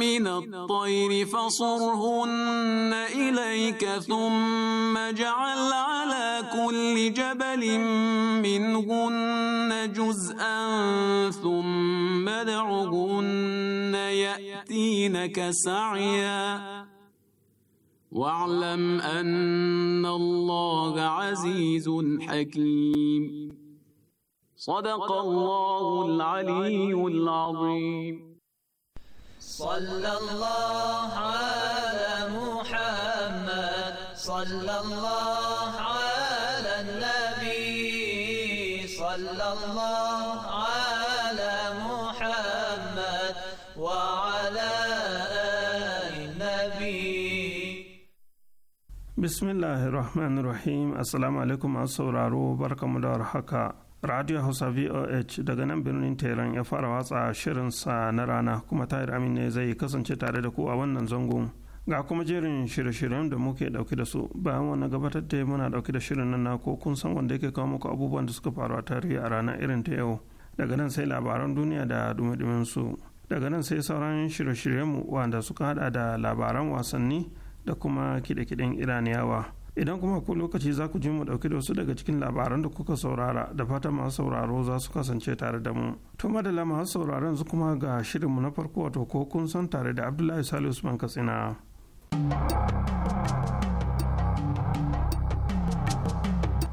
من الطير فصرهن إليك ثم اجعل على كل جبل منهن جزءا ثم دعهن يأتينك سعيا واعلم أن الله عزيز حكيم صدق الله العلي العظيم صلى الله على محمد صلى الله على النبي صلى الله على محمد وعلى آل النبي بسم الله الرحمن الرحيم السلام عليكم أصور عروب بركة مدار radio hausa voh daga nan birnin teran ya fara watsa shirinsa na rana kuma tahir amin ne zai kasance tare da ku a wannan zangon ga kuma jerin shirye-shiryen da muke dauke da su bayan wannan gabatar da muna dauke da shirin nan na ko kun san wanda yake kawo muku abubuwan da suka faru a tarihi a rana irin ta yau daga nan sai labaran duniya da dumi su daga nan sai sauran shirye shiryen mu wanda suka hada da labaran wasanni da kuma kide-kiden iraniyawa idan kuma ko lokaci za ku ji mu ɗauki da wasu daga cikin labaran da kuka saurara da fata masu sauraro za su kasance tare da mu to madalla masu sauraron su kuma ga shirinmu na farko wato ko kun san tare da abdullahi salisu usman katsina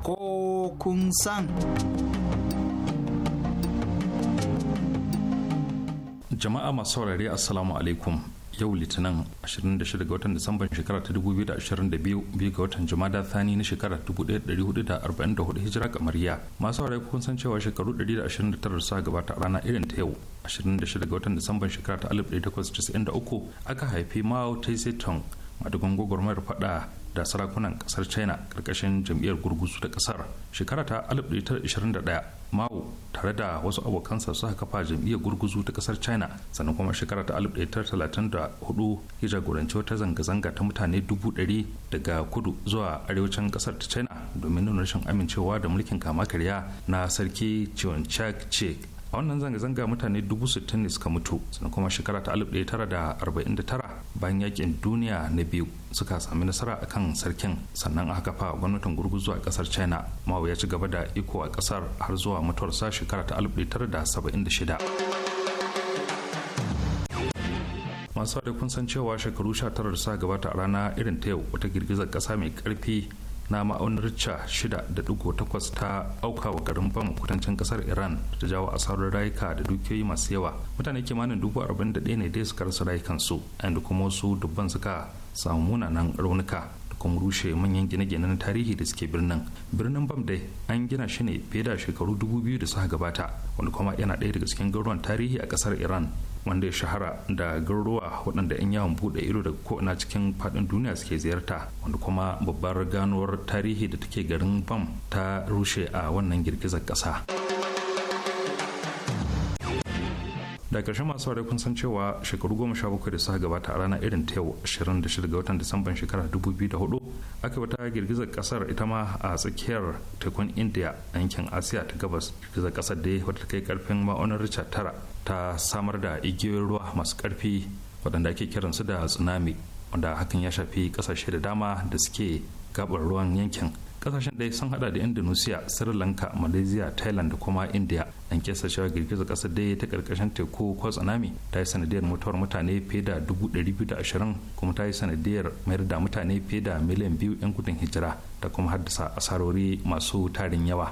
ko kun san jama'a masu saurari assalamu alaikum yau litinin 26 ga watan disamban shekara ta 2022 biyu ga watan jumada thani na shekara 1444 hijira kamariya masu harai kun san cewa shekaru 129 sa gabata a rana irin ta yau 26 ga watan disamban shekara ta 1893 aka haifi mao tse tung madugun gwagwarmayar fada da sarakunan kasar china karkashin jam'iyyar gurguzu da kasar shekara ta 1921 mao tare da wasu abokansa suka kafa jam'iyyar gurguzu ta kasar china sannan kuma shekara ta 1934 ya jagoranci wata zanga-zanga ta mutane dubu ɗari daga kudu zuwa arewacin kasar ta china domin nuna rashin amincewa da mulkin kama karya na sarki chiang chak a wannan zanga-zanga mutane dubu sittin ne suka mutu sannan kuma shekara ta alif tara da bayan yakin duniya na biyu suka sami nasara a kan sarkin sannan aka kafa gwamnatin gurguzu a kasar china mawa ya ci gaba da iko a kasar har zuwa mutuwarsa shekara ta alif da saba'in masu da kun san cewa shekaru 19 da sa gabata a rana irin ta yau wata girgizar kasa mai karfi na ma'aunin richa 6.8 ta auka wa garin bam kudancin kasar iran da jawo asarar rayuka da dukiyoyi masu yawa mutane kimanin dubu arba'in da ɗaya ne dai suka rasa rayukansu inda kuma wasu dubban suka samu munanan raunuka kuma rushe manyan gine-gine na tarihi da suke birnin birnin bam dai an gina shi ne fiye da shekaru dubu biyu da suka gabata wanda kuma yana ɗaya daga cikin garuruwan tarihi a ƙasar iran wanda ya shahara da garuruwa waɗanda 'yan yawon buɗe ido daga ko'ina cikin faɗin duniya suke ziyarta wanda kuma babbar ganuwar tarihi da take garin bam ta rushe a wannan girgizar ƙasa. da karshe masu ware kun san cewa shekaru goma sha bakwai da suka gabata a ranar irin ta yau 26 ga watan disamban shekara da hudu aka wata girgizar kasar ita ma a tsakiyar tekun india a yankin asiya ta gabas girgizar kasar dai wata kai karfin ma'aunar richard tara ta samar da igiyoyin ruwa masu karfi waɗanda ake kiransu da tsunami wanda hakan ya shafi kasashe da dama da suke gabar ruwan yankin kasashen ɗaya sun hada da indonesia sri lanka malaysia thailand da kuma india an kesa cewa girgizar kasar dai ta karkashin teku ko tsunami ta yi sanadiyar mutuwar mutane fiye da 220 kuma ta yi sanadiyar mayar da mutane fiye da miliyan biyu 'yan gudun hijira ta kuma haddasa asarori masu tarin yawa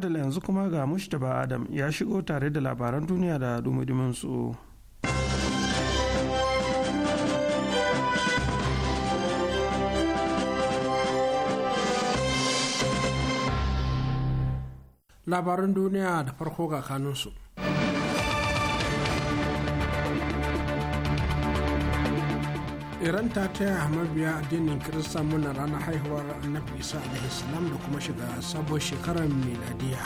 adala yanzu kuma ga mustapha adam ya shigo tare da labaran duniya da dumudumin su labaran duniya da farko ga kanunsu iran ta taya mabiya addinin kirista muna ranar haihuwar annabi isa islam da kuma shiga sabon shekarar miladiya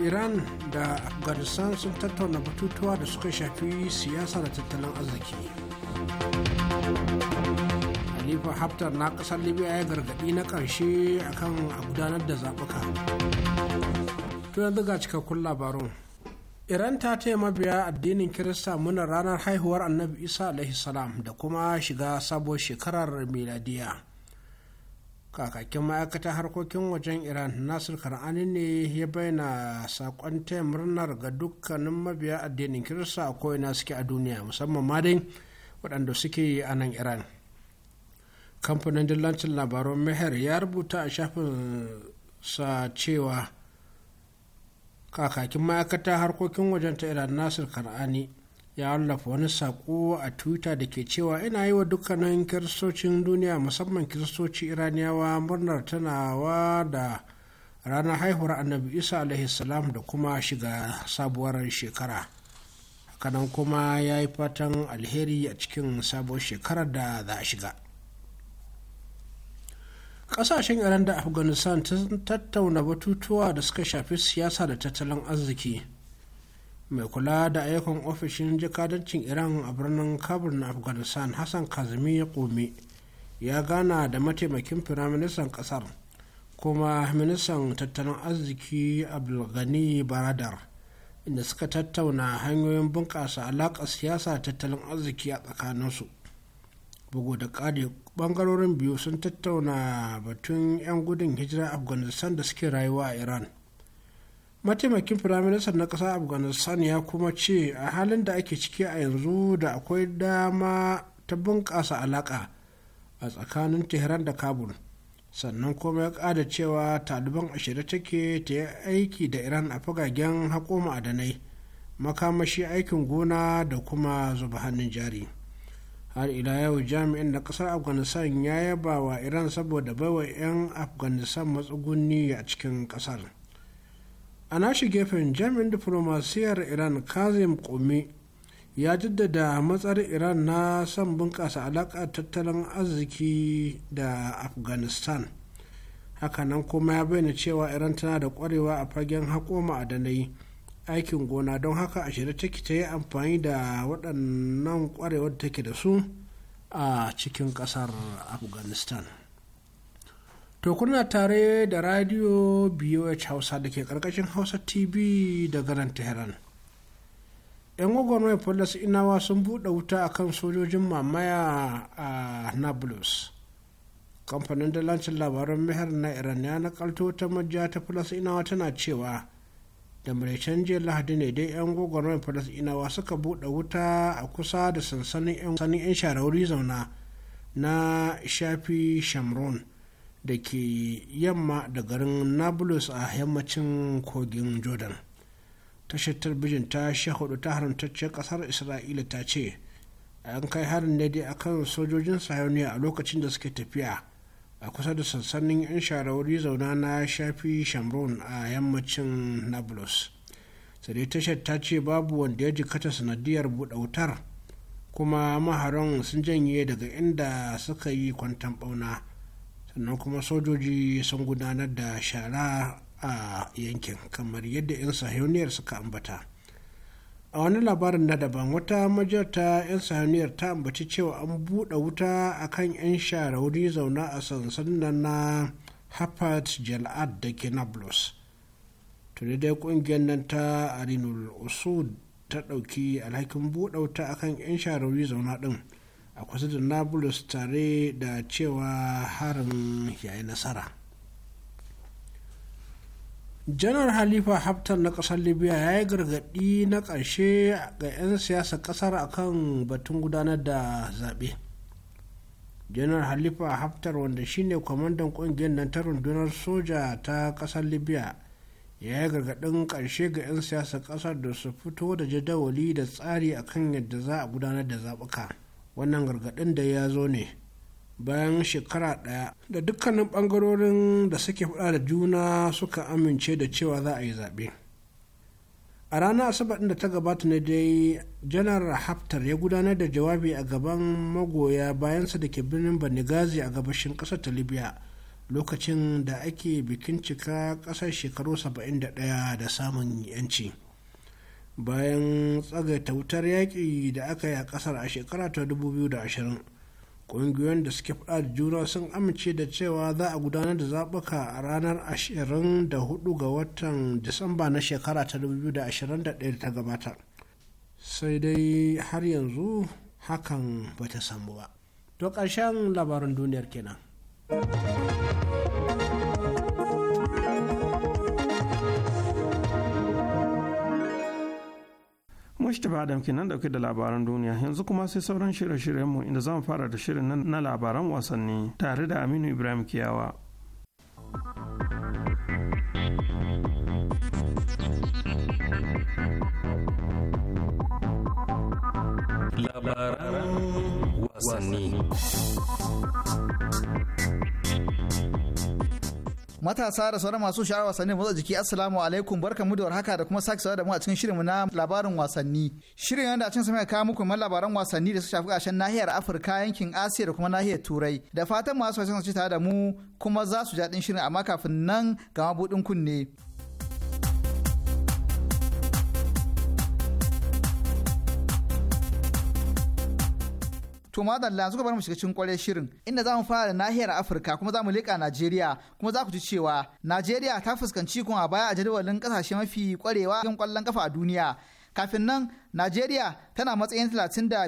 iran da afghanistan sun tattauna batutuwa da suka shafi siyasa da tattalin arziki halifa haftar na kasar libya ya gargaɗi na karshe akan a gudanar da zaɓuka to yanzu ga cikakkun labarun iran ta taya mabiya addinin kirista muna ranar haihuwar annabi isa alAihi salam da kuma shiga sabuwar shekarar miladiya kakakin ma'aikatar harkokin wajen iran nasir kar'ani ne ya bayyana sakon taya murnar ga dukkanin mabiya addinin kirista a ko'ina suke a duniya musamman ma dai waɗanda suke a nan iran kamfanin dillancin labarun meher ya rubuta a shafin sa cewa kakakin ma'aikata harkokin wajen ta iran nasir kar'ani ya wallafa wani saƙo a twitter da ke cewa ina yi wa dukkanin kiristocin duniya musamman kiristoci iraniyawa murnar tunawa da ranar haihuwar annabi isa alaihi da kuma shiga sabuwar shekara hakanan kuma ya yi fatan alheri a cikin sabuwar shekarar da za a shiga kasashen iran da afghanistan sun tattauna batutuwa da suka shafi siyasa da tattalin arziki mai kula da ayyukan ofishin jakadancin iran a birnin kabul na afghanistan hassan kazimi ya kome ya gana da mataimakin firaministan kasar kuma ministan tattalin arziki abdulgani baradar inda suka tattauna hanyoyin bunƙasa alaƙar siyasa tattalin arziki a tsakaninsu bugu da ƙari ɓangarorin biyu sun tattauna batun 'yan gudun hijira afghanistan da suke rayuwa a iran mataimakin firaministan na ƙasa afghanistan ya kuma ce a halin da ake ciki a yanzu da akwai dama ta bunƙasa alaƙa a tsakanin tehran da kabul sannan kuma ya ƙada cewa taliban ashirin take ta yi aiki da iran a fagagen haƙo ma'adanai makamashi aikin gona da kuma zuba hannun jari. har ila yau jami'in na kasar afghanistan ya yaba wa iran saboda baiwa 'yan afghanistan matsuguni a cikin kasar a nashi gefen jami'in diflomasiyar iran kazim kumi ya jaddada matsar iran na son bunƙasa alaƙa tattalin arziki da afghanistan hakanan kuma ya bayyana cewa iran tana da ƙwarewa a fagen haƙo ma'adanai aikin gona don haka a shirye take ta yi amfani da waɗannan ƙwarewar da take da su a cikin ƙasar afghanistan to kuna tare da radio boh hausa da ke ƙarƙashin hausa tv da nan tehran 'yan mai polis inawa sun buɗe wuta a kan sojojin mamaya a nablus kamfanin dalancin labaran mihar na iran ya nakalto ta majiya ta polis inawa tana cewa da maraicen jiya lahadi ne dai 'yan gwagwarmar falasɗinawa suka buɗe wuta a kusa da sansanin 'yan sharauri zauna na shafi shamron da ke yamma da garin nablus a yammacin kogin jordan tashar talbijin ta sha hudu ta haramtacce kasar isra'ila ta ce an kai harin ne dai akan sojojin sayoniya a lokacin da suke tafiya a kusa da sansanin 'yan sharawari zauna na shafi shamron a yammacin nablus sai tashar ta ce babu wanda ya jikata sanadiyar buɗe wutar kuma maharan sun janye daga inda suka yi kwantan ɓauna sannan kuma sojoji sun gudanar da shara a yankin kamar yadda 'yan sahiyoniyar suka ambata a wani labarin na daban wata majiyar 'yan saniyar ta ambaci cewa an buɗe wuta a kan 'yan sharauri zauna a sansanin na harpert jal'ad da ke nablus tuni dai ƙungiyar nan ta arinul usud ta ɗauki alhakin buɗe wuta a kan 'yan share zauna ɗin a kusa da nablus tare da cewa harin yayi nasara janar halifa haftar na kasar libya ya yi gargadi na ƙarshe ga 'yan siyasar ƙasar akan batun gudanar da zaɓe janar halifa haftar wanda shine kwamandan ƙungiyar nan ta rundunar soja ta kasar libya ya yi gargadin ƙarshe ga 'yan siyasar kasar da su fito da jadawali da tsari akan yadda za a gudanar da zaɓuka wannan gargadin da ya zo ne bayan shekara ɗaya da dukkanin ɓangarorin da suke faɗa da juna suka amince da cewa za a yi zaɓe a ranar asabar da ta gabata ne dai janar haftar ya gudanar da jawabi a gaban magoya bayansa da ke birnin banigazi a gabashin ƙasar ta libya lokacin da ake bikin cika ƙasar shekaru 71 da samun yanci bayan tsagaita wutar yaƙi da aka yi a ƙasar a shekara ta 2020 ƙungiyoyin da suke fada da juna sun amince da cewa za a gudanar da zaɓuka a ranar 24 ga watan disamba na shekara ta 2021 ta gabata sai dai har yanzu hakan bata samu ba to ƙarshen labarin duniyar kenan. Mustapha Adam kenan dauke da labaran duniya yanzu kuma sai sauran shirye-shiryenmu inda zamu fara da shirin na labaran wasanni tare da Aminu Ibrahim Kiyawa. matasa da sauran masu sha'awar wasannin motsa jiki assalamu alaikum barkamu da warhaka da kuma sake da mu a cikin shirinmu na labarin wasanni shirin yanda a cikin sa kawo muku man labaran wasanni da suka shafi gashin nahiyar afirka yankin asiya da kuma nahiyar turai da fatan masu wasan su tare da mu kuma za su ji daɗin shirin amma kafin nan ga mabuɗin kunne. To ma madalla suka bar mu shiga cikin kwarai shirin inda za mu fara da nahiyar Afirka kuma za mu leƙa Najeriya kuma za ku ji cewa Najeriya ta fuskanci kun a baya a jadawalin kasashe mafi kwarewa cikin kwallon kafa a duniya. Kafin nan Najeriya tana matsayin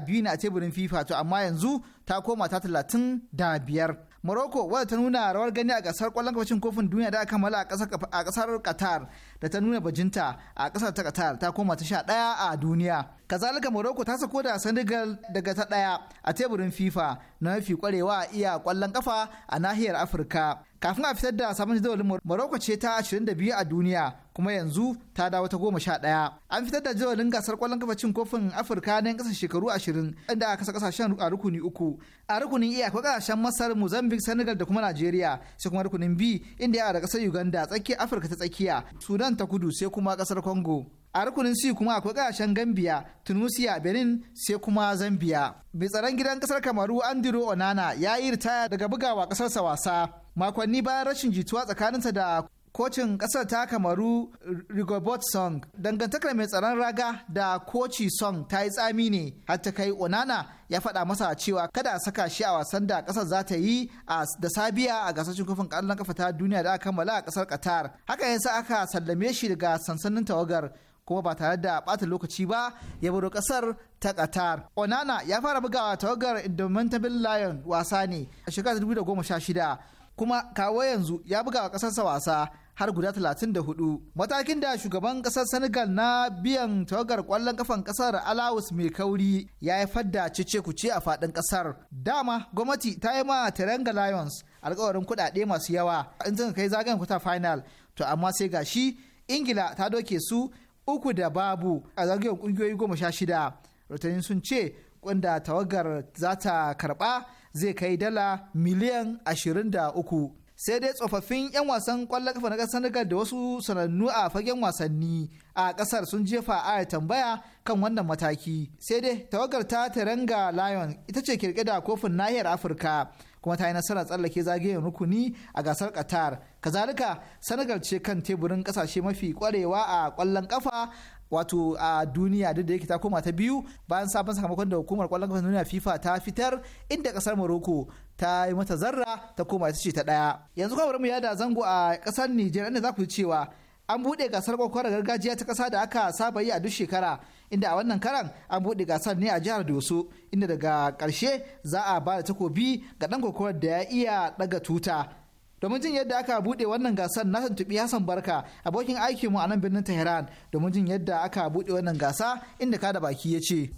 biyu ne a teburin FIFA to amma yanzu ta koma ta 35. Morocco wadda ta nuna rawar gani a gasar kwallon kafa cin kofin duniya da aka kammala a kasar Qatar da ta nuna bajinta a kasar ta Qatar ta koma ta sha ɗaya a duniya. Kazalika Morocco ta sako da Senegal daga ta daya a teburin FIFA na mafi kwarewa a iya ƙwallon ƙafa a nahiyar Afirka. Kafin a fitar da sabon jadawalin Morocco ce ta 22 a duniya kuma yanzu ta dawo ta goma sha ɗaya. An fitar da jadawalin gasar kwallon kafa cin kofin Afirka na ƙasar shekaru ashirin inda aka kasa ƙasashen a rukuni uku. A rukunin iya e akwai ƙasashen Masar, Mozambique, Senegal da kuma Najeriya sai kuma rukunin B inda ya da kasar Uganda tsakiyar Afirka ta tsakiya, Sudan sudan ta kudu sai kuma kasar congo a rukunin si kuma akwai kasashen gambia tunisia benin sai kuma zambia mai tsaron gidan kasar kamaru andrew onana ya yi ritaya daga bugawa kasarsa wasa makonni bayan rashin jituwa tsakaninsa da kocin ƙasar ta kamaru rigobot song dangantakar mai tsaron raga da koci song ta yi tsami ne har ta kai onana ya faɗa masa cewa kada a saka shi a wasan da kasar za ta yi da sabiya a gasashen kofin ƙallon kafa ta duniya da aka kammala a ƙasar qatar haka yasa aka sallame shi daga sansanin tawagar kuma ba tare da bata lokaci ba ya baro kasar ta Qatar. Onana ya fara bugawa tawagar Indomitable Lion wasa ne a shekarar 2016 kuma kawo yanzu ya buga wa ƙasarsa wasa har guda 34 matakin da shugaban ƙasar senegal na biyan tawagar kwallon kafan ƙasar alawus mai kauri ya haifar da cece ce a faɗin ƙasar dama gwamnati ta yi ma terenga lions alkawarin kuɗaɗe masu yawa in zan kai zagayen kuta final to amma sai gashi ingila ta doke su uku da babu a zagayen ƙungiyoyi goma sha shida rahotanni sun ce wanda tawagar za ta karɓa zai kai dala miliyan 23 sai dai tsofaffin 'yan wasan kwallon kafa na ƙasar Senegal da wasu sanannu a fagen wasanni a ƙasar sun jefa a tambaya kan wannan mataki sai dai tawagar ta taranga Lion ita ce kirke da kofin nahiyar Afirka kuma ta yi nasarar tsallake zagayen rukuni a gasar Qatar kazalika Senegal ce kan teburin ƙasashe mafi kwarewa a kwallon kafa wato a duniya duk da yake ta koma ta biyu bayan sabon sakamakon da hukumar kwallon kafa duniya FIFA ta fitar inda kasar Morocco ta yi mata zarra ta koma ta ce ta daya yanzu kawai mu yada zango a kasar Niger inda za ku ji cewa an buɗe gasar kwakwara gargajiya ta kasa da aka saba yi a duk shekara inda a wannan karan an buɗe gasar ne a jihar doso inda daga karshe za a ba da takobi ga ɗan kwakwarar da ya iya ɗaga tuta domin jin yadda aka bude wannan gasar na tuntuɓi Hassan Barka abokin mu a nan birnin Tehran domin jin yadda aka bude wannan gasa inda ka da baki ya ce.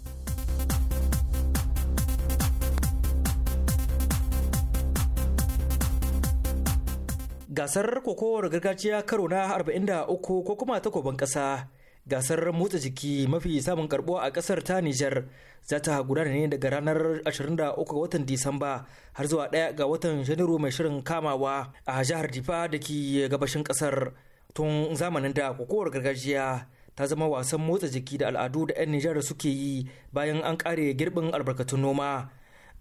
gasar kokowar gargajiya karo na 43 ko kuma takobin ƙasa gasar motsa jiki mafi samun karbuwa a kasar ta Nijar za ta gudana ne daga ranar 23 ga watan Disamba har zuwa 1 ga watan Janairu mai shirin kamawa a jihar Difa da ke gabashin kasar tun zamanin da kokowar gargajiya ta zama wasan motsa jiki da al'adu da 'yan Nijar suke yi bayan an kare girbin albarkatun noma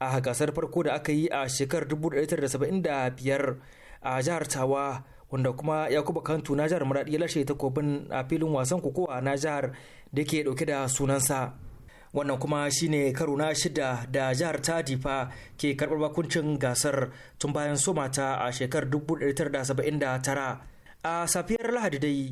a gasar farko da aka yi a shekarar 1975 a jihar Tawa wanda kuma yakuba kantu na jihar maradi ya lashe takobin a filin wasan kokowa na jihar da ke dauke da sunansa wannan kuma shine karo na shida da jihar ta difa ke karbar bakuncin gasar tun bayan soma ta a shekarar 1979 a safiyar lahadi dai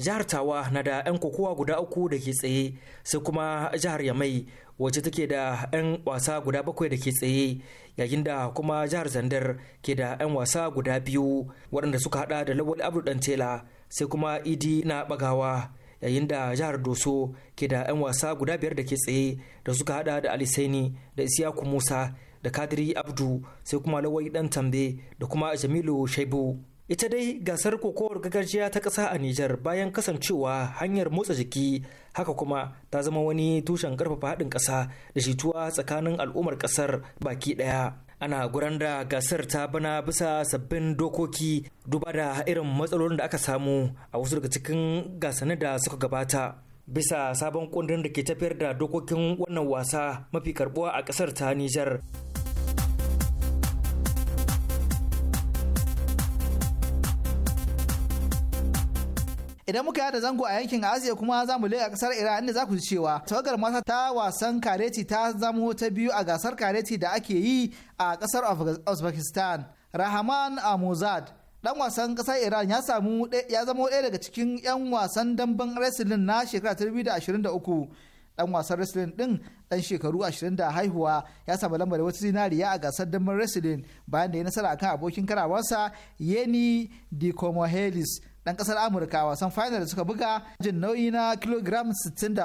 jihar tawa na da 'yan kokowa guda uku da ke tsaye sai kuma jihar yamai wacce take da 'yan wasa guda bakwai da ke tsaye yayin da kuma jihar zandar ke da 'yan wasa guda biyu waɗanda suka hada da lawal abdu dantela sai kuma idi na bagawa yayin da jihar doso ke da 'yan wasa guda biyar da ke tsaye da suka hada da alisaini da isiyaku musa da kadiri abdu sai kuma lawai dan tambe da kuma jamilu shaibu ita dai gasar kokowar gargajiya ta ƙasa a Nijar bayan kasancewa hanyar motsa jiki haka kuma ta zama wani tushen karfafa haɗin ƙasa da shituwa tsakanin al'ummar ƙasar baki ɗaya. Ana guran da gasar ta bana bisa sabbin dokoki duba da irin matsalolin da aka samu a wasu daga cikin gasanin da suka gabata. Bisa sabon kundin da ke tafiyar da dokokin wannan wasa mafi karbuwa a ƙasar ta Nijar. idan muka yada zango a yankin asiya kuma za mu leƙa ƙasar iran inda za ku ji cewa tawagar mata ta wasan kareti ta zamo ta biyu a gasar kareti da ake yi a kasar uzbekistan rahman amuzad dan wasan ƙasar iran ya samu ya zama ɗaya daga cikin 'yan wasan damben wrestling na shekara 2023 dan wasan wrestling din dan shekaru 20 da haihuwa ya samu lambar wata zinariya a gasar damben wrestling bayan da ya nasara akan abokin karawarsa yeni dikomohelis dan kasar amurka wasan final suka buga jin nauyi na kilogram 63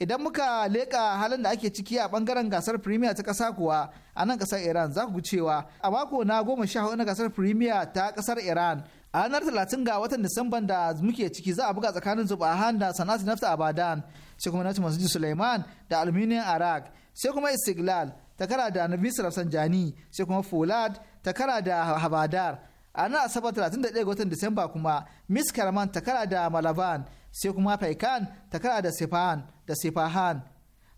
idan muka leka halin da ake ciki a bangaren gasar premier ta kasa kuwa a nan kasar iran za ku cewa a mako na goma sha hudu na gasar premier ta kasar iran a ranar 30 ga watan disamban da muke ciki za a buga tsakanin zubahan da sana'at nafta abadan sai kuma nati masu suleiman da aluminium arak sai kuma istiklal takara da nabi rafsanjani sai kuma folad takara da habadar a ranar asabar 31 ga watan disamba kuma miss karaman ta kara da malaban sai kuma faikan ta kara da sifahan da sifahan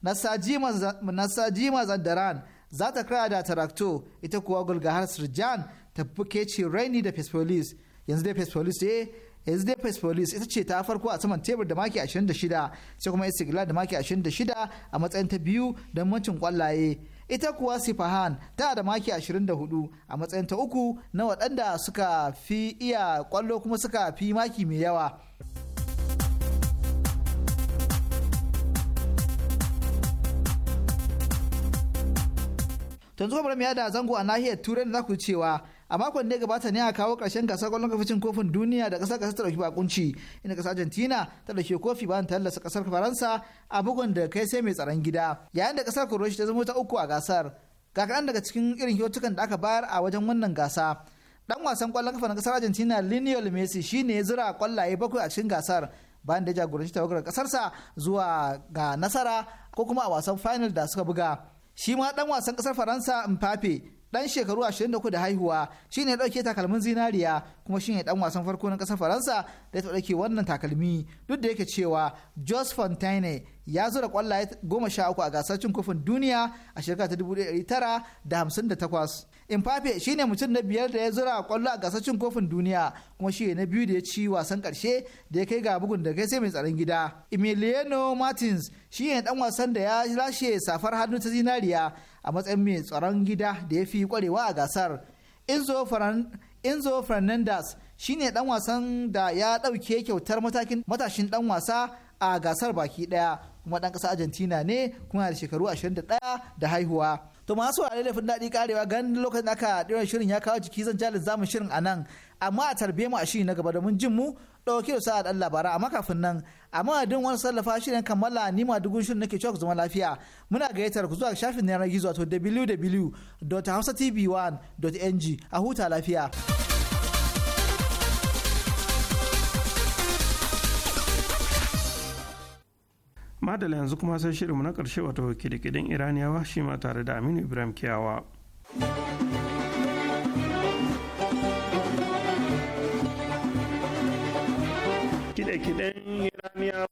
nasajima zandaran za ta kara da tarakto ita kuwa gulgahar sirjan ta ce raini da fesfolis yanzu dai fesfolis ya eh, yanzu dai fesfolis ita ce ta farko a saman tebur da maki 26 sai kuma isigila da maki 26 a matsayin ta biyu don mancin kwallaye ita kuwa sifahan ta da maki 24 a matsayin ta uku na waɗanda suka fi iya kwallo kuma suka fi maki mai yawa yanzu kamar ya yada zango a nahiyar turai da za ku cewa a makon da ya gabata ne a kawo ƙarshen gasar kwallon kafin kofin duniya da ƙasar ƙasar ta bakunci inda ƙasar argentina ta ɗauki kofi bayan ta lallasa ƙasar faransa a bugun da kai sai mai tsaron gida yayin da ƙasar kuroshi ta zama ta uku a gasar ga kaɗan daga cikin irin kyautukan da aka bayar a wajen wannan gasa dan wasan kwallon kafa na ƙasar argentina lionel messi shine ya zura kwallaye bakwai a cikin gasar bayan da ya jagoranci tawagar ƙasarsa zuwa ga nasara ko kuma a wasan final da suka buga shi ma dan wasan ƙasar faransa mbappe dan shekaru 23 da haihuwa shine dauke takalmin zinariya kuma shine dan wasan farko na kasar Faransa da ya dauke wannan takalmi duk da yake cewa Jos Fontaine ya zura kwallaye 13 a gasar cin kofin duniya a shekara ta 1958 Mbappe shine mutum na biyar da ya zura kwallo a gasar cin kofin duniya kuma shi na biyu da ya ci wasan karshe da ya kai ga bugun da kai sai mai tsaron gida. Emiliano Martins shine dan wasan da ya lashe safar hannu ta zinariya a matsayin mai tsaron gida da ya fi kwarewa a gasar Enzo Fernandez ne dan wasan da ya ɗauke kyautar matakin matashin dan wasa a gasar baki ɗaya kuma ɗan ƙasa Argentina ne kuma da shekaru 21 da haihuwa. To masu wurare laifin daɗi karewa gan lokacin da aka ɗiran shirin ya kawo jiki zan jalin zamu shirin a nan amma a tarbe mu a shiri na gaba domin jin mu ɗauke da sa'ad Allah bara amma kafin nan a madadin wani sallafa shirin kammala ni ma dugun shirin nake cewa ku zama lafiya muna gayyatar ku zuwa shafin yanar gizo wato www.hausatv1.ng a huta lafiya. Madala yanzu kuma sai shirinmu na ƙarshe wato kidikidin Iraniyawa shi ma tare da Aminu Ibrahim Kiyawa. iraniyawa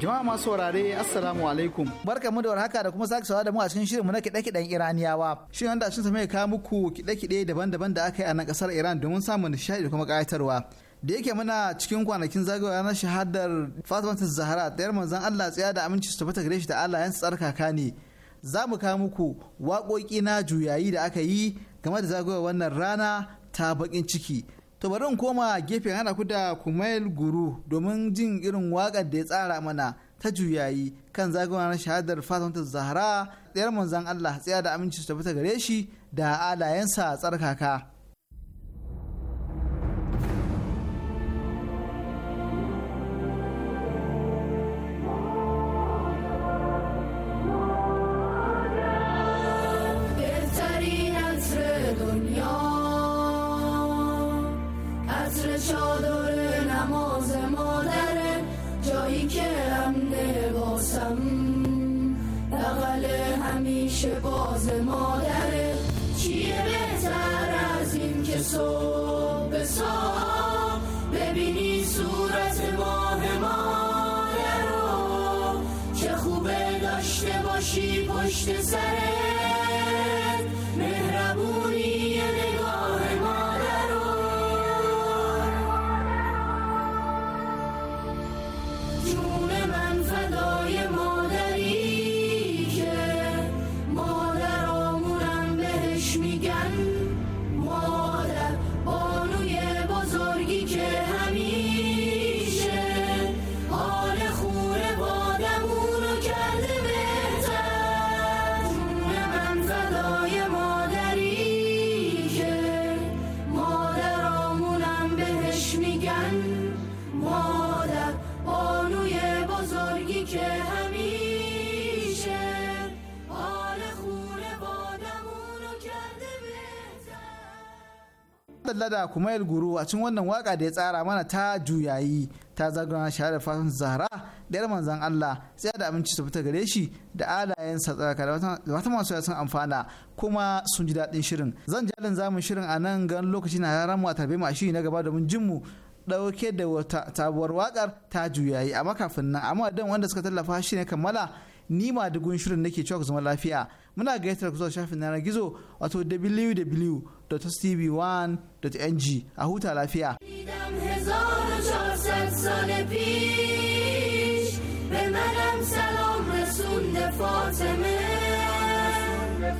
jama'a masu saurare assalamu alaikum barka mu da warhaka da kuma sake sawa da mu a cikin shirin mu na kiɗe-kiɗen iraniyawa shin wanda shin sa mai kawo muku kiɗe-kiɗe daban-daban da aka yi a nan ƙasar iran domin samun nishaɗi da kuma ƙayatarwa da yake muna cikin kwanakin zagayowa na shahadar fatimatu zahara tsayar manzon allah tsaya da aminci su tabbata gare shi da allah yan tsarkaka ne za mu kawo muku waƙoƙi na juyayi da aka yi game da zagayowar wannan rana ta bakin ciki to bari in koma gefen hana ku da kumail guru domin jin irin waƙar da ya tsara mana ta juyayi kan na shahadar fatimatu zahra tsayar manzon allah tsaya da aminci su tafi ta gare shi da alayensa tsarkaka چادر نماز مادره جایی که هم باسم بغل همیشه باز مادر چیه بهتر از این که صبح به ببینی صورت ماه مادر رو چه خوبه داشته باشی پشت سره lada kuma kumail guru a cikin wannan waka da ya tsara mana ta juyayi ta zagana shahada fatan zahra da yar manzan Allah sai da aminci su fita gare shi da sa tsaka da wata masu sun amfana kuma sun ji daɗin shirin zan jalin zamun shirin a nan gan lokaci na ranar mu a tarbe mu a shiri na gaba domin jin mu ɗauke da wata tabuwar wakar ta juyayi amma kafin nan amma dan wanda suka tallafa shi ne kammala ni ma dugun shirin nake cewa ku zama lafiya muna gayyatar ku zuwa shafin na gizo wato www www.stv1.ng a huta lafiya. Salome sunt de forțe mele,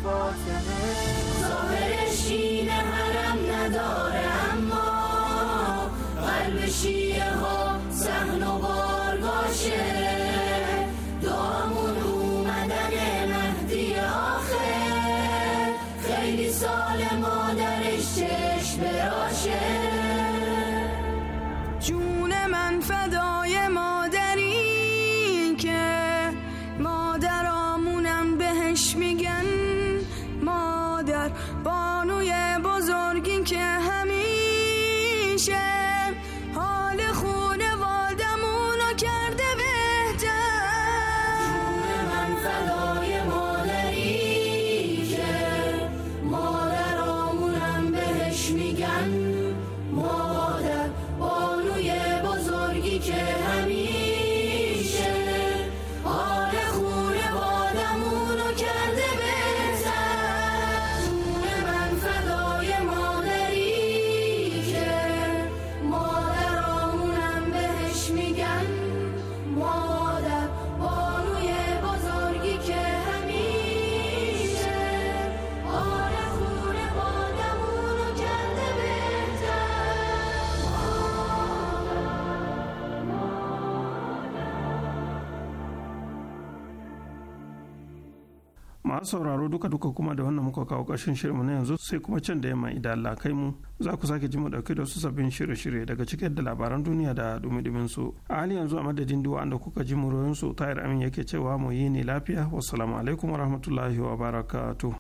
masu sauraro duka duka kuma da wannan muka kawo ƙarshen shirinmu na yanzu sai kuma can da yamma idan Allah kai mu za ku sake ji mu dauke da wasu sabbin shirye-shirye daga cikin da labaran duniya da dumi-dumin su a hali yanzu a madadin duwa da kuka ji mu muryoyin su tayar amin yake cewa mu yi ne lafiya wassalamu alaikum warahmatullahi wabarakatuh